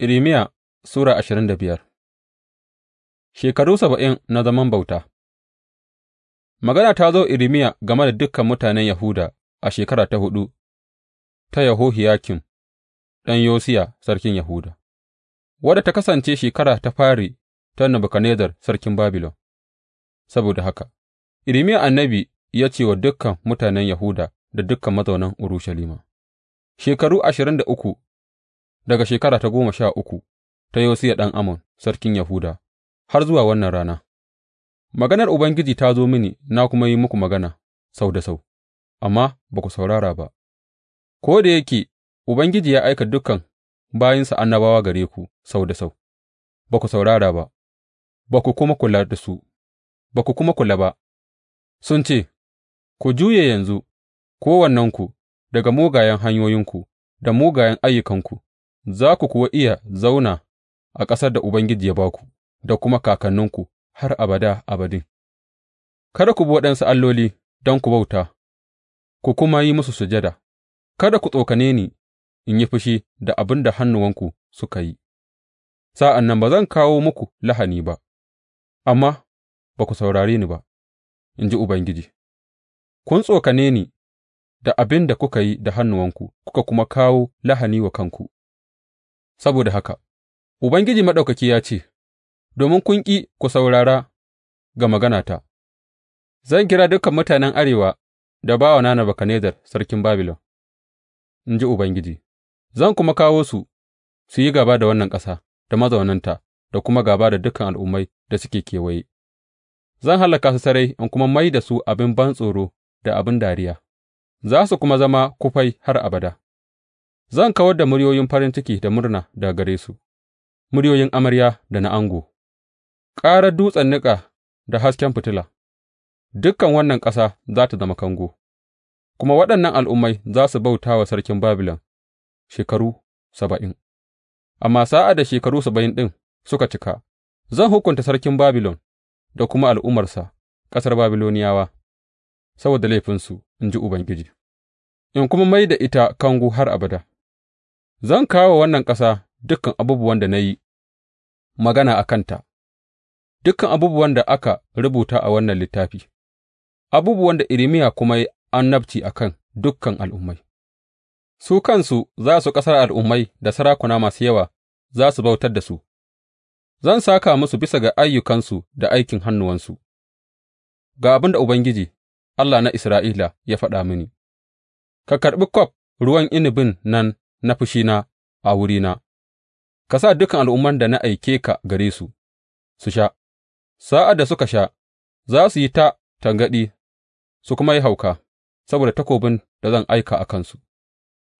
Irimiya Sura ashirin da biyar Shekaru saba'in na zaman bauta Magana ta zo Irimiya game da dukan mutanen Yahuda a shekara ta hudu ta Yehohiyakim ɗan Yosiya sarkin Yahuda, wadda ta kasance shekara ta fari ta Nebukadnezzar sarkin Babilon, saboda haka Irimiya annabi ya ce wa dukan mutanen Yahuda da dukan mazaunan Urushalima, Shekaru ashirin da uku daga shekara ta goma sha uku ta Yosiya ɗan Amon sarkin Yahuda har zuwa wannan rana, maganar Ubangiji ta zo mini na kuma yi muku magana sau da sau, amma ba ku saurara ba, ko da yake Ubangiji ya aika dukan bayinsa annabawa gare ku sau da sau, ba ku saurara ba, ba ku kuma kula da su, ba ku kuma kula ba, sun ce, Ku juye yanzu, kowannenku, daga mugayen hanyoyinku da mugayen ayyukanku. za ku kuwa iya zauna a ƙasar da Ubangiji ya ba ku da kuma kakanninku har abada abadin. Kada ku bi waɗansu alloli don ku bauta, ku kuma yi musu sujada, kada ku tsokane ni in yi fushi da abin da hannuwanku suka yi, sa'an nan ba zan kawo muku lahani ba, amma ba ku saurare ni ba, in ji Ubangiji. Kun tsokane ni da abin da kuka yi da hannuwanku kuka kuma kawo lahani wa kanku. Saboda haka Ubangiji Maɗaukaki ya ce, Domin kun ƙi ku saurara ga maganata, zan kira dukan mutanen arewa da bawana Nebukadnezzar sarkin Babilon, in ji Ubangiji, zan kuma kawo su su yi gaba da wannan ƙasa da mazaunanta da kuma gaba da dukan al'ummai da suke kewaye. Zan hallaka su sarai in kuma mai da su abin ban tsoro da abin dariya, za su kuma zama kufai har abada. Zan kawar da muryoyin farin ciki da murna daga gare su, muryoyin amarya da na ango, ƙarar dutsen niƙa da hasken fitila; dukan wannan ƙasa za ta zama kango, kuma waɗannan al'ummai za su bauta wa sarkin Babilon shekaru saba'in, amma sa'ad da shekaru saba'in ɗin suka cika, zan hukunta sarkin Babilon da kuma al'ummarsa, ƙasar Babiloniyawa, saboda laifinsu, in ji Ubangiji, in kuma mai da ita kango har abada. Zan kawo wa wannan ƙasa dukan abubuwan da na yi magana a kanta, dukan abubuwan da aka rubuta a wannan littafi, abubuwan da Irmiya kuma ya yi annabci a kan dukan al'ummai, su kansu za su ƙasar al'ummai da sarakuna masu yawa za su bautar da su, zan saka musu bisa ga ayyukansu da aikin hannuwansu. Ga abin da Ubangiji, Allah na Isra'ila, ya faɗa mini, Ka karɓi kwaf ruwan inabin nan na fushina a wurina, ka sa dukan al'umman da na aike ka gare su su sha, sa'ad da suka sha, za su yi ta tangaɗi su kuma yi hauka saboda takobin da zan aika a kansu,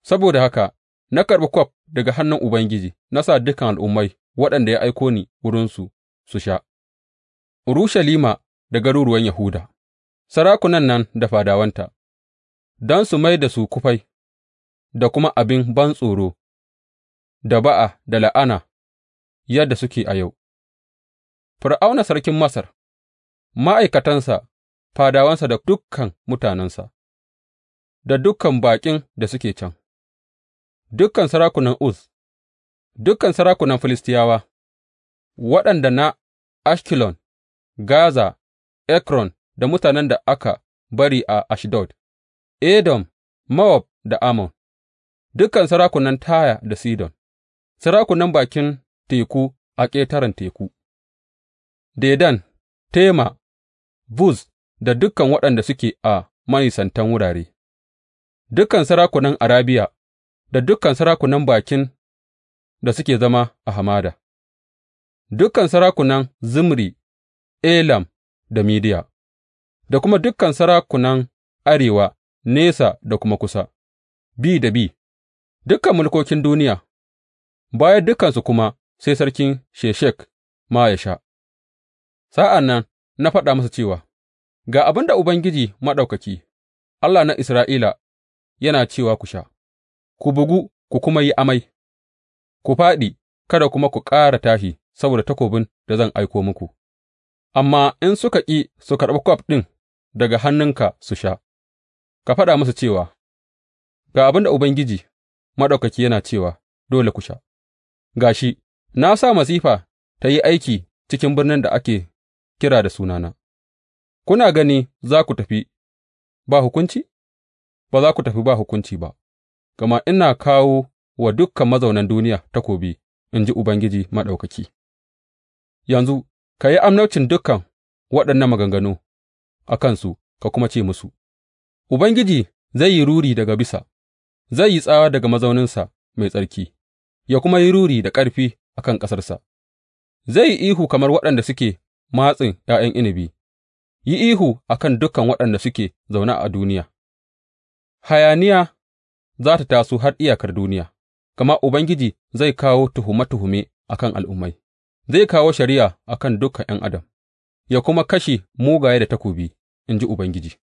saboda haka na karɓi kwaf daga hannun Ubangiji na sa dukan al'ummai waɗanda ya aiko ni wurinsu su sha, Urushalima da garuruwan Yahuda, sarakunan nan da fadawanta, don su mai da su kufai da kuma abin bantsoro da ba'a da la'ana yadda suke a yau, Fir'auna sarkin Masar, ma'aikatansa, fadawansa da dukkan mutanensa, da dukan baƙin da suke can, dukan sarakunan Uz, dukan sarakunan Filistiyawa, waɗanda na Ashkelon, Gaza, Ekron da mutanen da aka bari a Ashdod, Edom, Mowab da Ammon. dukan sarakunan Taya da Sidon, sarakunan bakin teku a ƙetaren teku, Dedan, Tema, Buz da dukan waɗanda suke a manisantan wurare, dukan sarakunan Arabiya da dukan sarakunan bakin da suke zama a hamada, dukan sarakunan Zimri, Elam da Midiya, da kuma dukan sarakunan arewa nesa da kuma kusa, bi da bi. dukan mulkokin duniya, bayan dukansu kuma sai sarkin Sheshak ma ya sha. Sa'an nan na faɗa masa cewa, Ga abin da Ubangiji Maɗaukaki, Allah na Isra'ila, yana cewa ku sha, ku bugu ku kuma yi amai, ku fāɗi, kada kuma ku ƙara tashi saboda takobin da zan aiko muku, amma in suka ƙi su karɓi kwaf ɗin daga hannunka su sha, ka faɗa masa cewa, Ga abin da Ubangiji Maɗaukaki yana cewa, Dole ku sha; ga shi, na sa masifa ta yi aiki cikin birnin da ake kira da sunana, kuna gani za ku tafi ba hukunci? Ba za ku tafi ba hukunci ba, gama ina kawo wa dukan mazaunan duniya takobi, in ji Ubangiji Maɗaukaki, yanzu ka yi amnaucin dukkan waɗannan maganganu a kansu ka kuma ce musu, Ubangiji zai yi ruri daga bisa. Zai yi tsawa daga mazauninsa mai tsarki ya kuma yi ruri da ƙarfi a kan ƙasarsa; zai yi ihu kamar waɗanda suke matsin ’ya'yan inabi, yi ihu a kan dukan waɗanda suke zaune a duniya; hayaniya za ta taso har iyakar duniya, gama Ubangiji zai kawo tuhume tuhume a kan al'ummai, zai kawo shari'a a kan dukan ’yan adam, ya kuma kashe mugaye da takobi, in ji Ubangiji.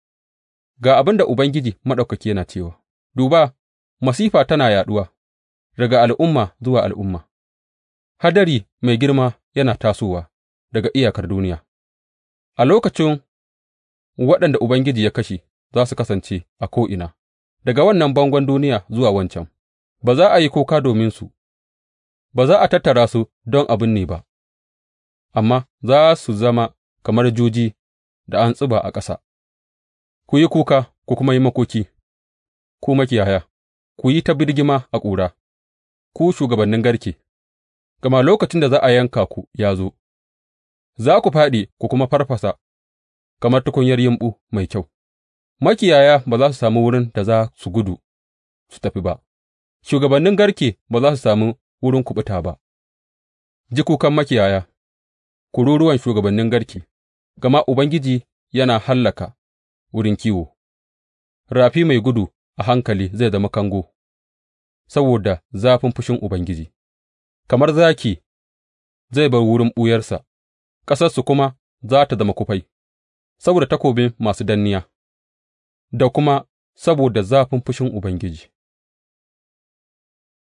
Ga abin da Ubangiji Maɗaukaki yana cewa, Duba! Masifa tana yaɗuwa daga al'umma zuwa al'umma; hadari mai girma yana tasowa daga iyakar duniya a lokacin waɗanda Ubangiji ya kashe za su kasance a ko'ina, daga wannan bangon duniya zuwa wancan; ba za a yi kuka dominsu, ba za a tattara su don abin ne ba, amma za su zama kamar juji da an tsiba a ƙasa, Ku yi kuka ku kuma yi makoki, ku makiyaya! ku yi ta birgima a ƙura, ku shugabannin garke, gama lokacin da za a yanka ku ya zo, za ku fāɗi ku kuma farfasa kamar tukunyar yumɓu mai kyau, makiyaya ba za su sami wurin da za su gudu su tafi ba, shugabannin garke ba za su sami wurin kuɓuta ba. Ji kukan makiyaya, kururuwan shugabannin garke, gama Ubangiji yana hallaka wurin kiwo, rafi mai gudu a hankali zai zama kango saboda zafin fushin Ubangiji; kamar zaki zai bar wurin ɓuyarsa, ƙasarsu kuma za ta zama kufai saboda takobin masu danniya da kuma saboda zafin fushin Ubangiji.